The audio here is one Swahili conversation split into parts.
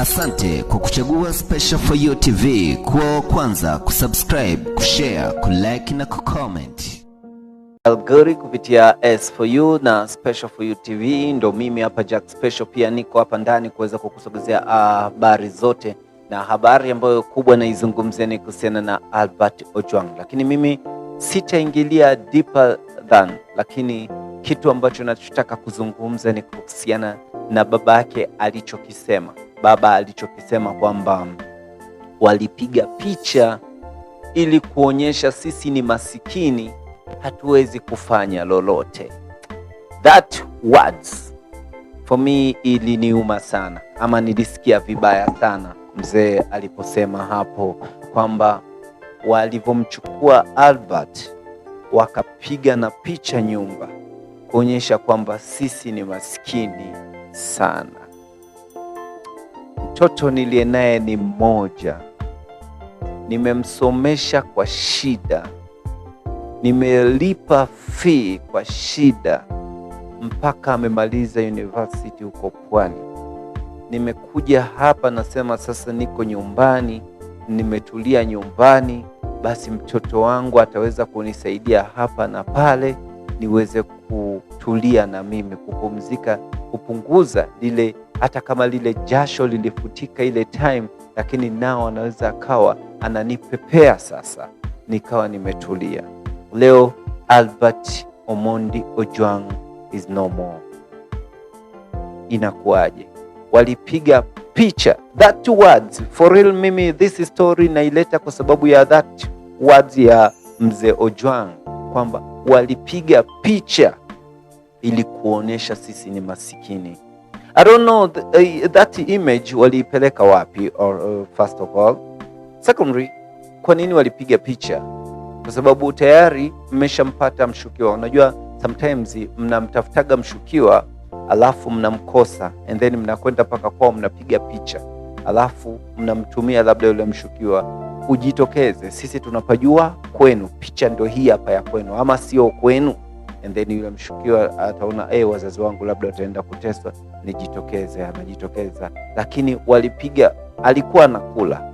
Asante kwa kuchagua Special For You TV kuwa wa kwanza kusubscribe, kushare, kulike na kucomment. Algori kupitia S For You na Special For You TV ndo mimi hapa Jack Special, pia niko hapa ndani kuweza kukusogezea ah, habari zote, na habari ambayo kubwa naizungumzia ni kuhusiana na Albert Ojwang, lakini mimi sitaingilia deeper than, lakini kitu ambacho nachotaka kuzungumza ni kuhusiana na baba yake alichokisema baba alichokisema kwamba walipiga picha ili kuonyesha sisi ni masikini, hatuwezi kufanya lolote. That words for me iliniuma sana, ama nilisikia vibaya sana mzee aliposema hapo kwamba walivyomchukua Albert wakapiga na picha nyumba kuonyesha kwamba sisi ni masikini sana mtoto niliye naye ni mmoja, nimemsomesha kwa shida, nimelipa fee kwa shida mpaka amemaliza university huko Pwani. Nimekuja hapa nasema sasa niko nyumbani, nimetulia nyumbani, basi mtoto wangu ataweza kunisaidia hapa na pale, niweze kutulia na mimi kupumzika, kupunguza lile hata kama lile jasho lilifutika ile time, lakini nao anaweza akawa ananipepea sasa, nikawa nimetulia. Leo Albert Omondi Ojwang is no more. Inakuwaje? Walipiga picha that words for real. Mimi this story naileta kwa sababu ya that words ya mzee Ojwang kwamba walipiga picha ili kuonesha sisi ni masikini. I don't know the, uh, that image waliipeleka wapi or, uh, first of all. Secondly, kwa nini walipiga picha? Kwa sababu tayari mmeshampata mshukiwa. Unajua sometimes mnamtafutaga mshukiwa alafu mnamkosa and then mnakwenda mpaka kwao mnapiga picha alafu mnamtumia labda yule mshukiwa ujitokeze, sisi tunapajua kwenu, picha ndio hii hapa ya kwenu, ama sio kwenu and then yule mshukiwa ataona eh, wazazi wangu labda wataenda kuteswa, nijitokeze. Anajitokeza, lakini walipiga, alikuwa anakula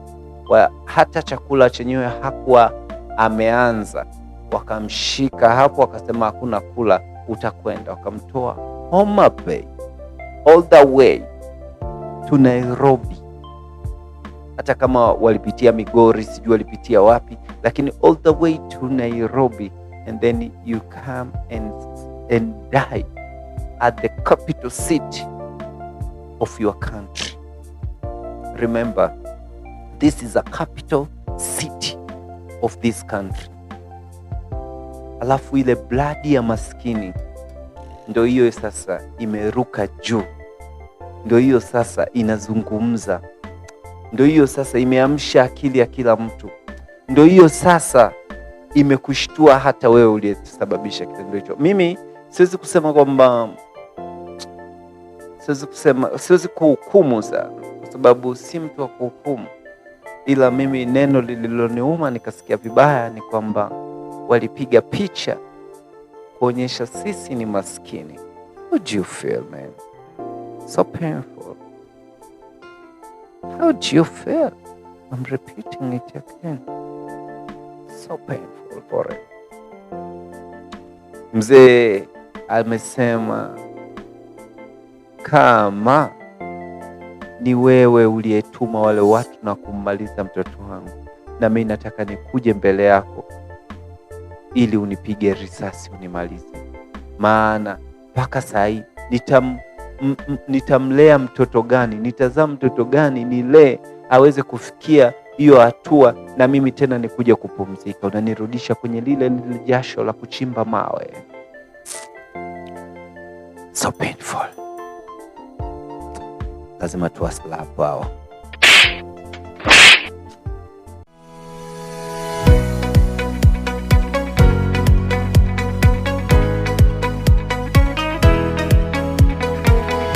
wa, hata chakula chenyewe hakuwa ameanza. Wakamshika hapo, wakasema hakuna kula, utakwenda. Wakamtoa Homa Bay all the way to Nairobi hata kama walipitia Migori, sijui walipitia wapi, lakini all the way to Nairobi and then you come and, and die at the capital city of your country. Remember, this is a capital city of this country. Alafu ile bladi ya maskini ndo hiyo sasa imeruka juu, ndo hiyo sasa inazungumza, ndo hiyo sasa imeamsha akili ya kila mtu, ndo hiyo sasa imekushtua hata wewe uliyesababisha kitendo hicho. Mimi siwezi kusema kwamba siwezi kusema, siwezi kuhukumu sana, kwa sababu si mtu wa kuhukumu, ila mimi neno lililoniuma nikasikia vibaya ni kwamba walipiga picha kuonyesha sisi ni maskini. How do you feel man? So painful. How do you feel? I'm repeating it again. So painful. Global Mzee amesema kama ni wewe uliyetuma wale watu na kummaliza mtoto wangu, na mimi nataka nikuje mbele yako ili unipige risasi unimalize, maana mpaka saa hii nitam, nitamlea mtoto gani? Nitazaa mtoto gani nilee aweze kufikia hiyo hatua na mimi tena nikuja kupumzika, unanirudisha kwenye lile lile jasho la kuchimba mawe. So painful. Lazima tuwaslapu hao.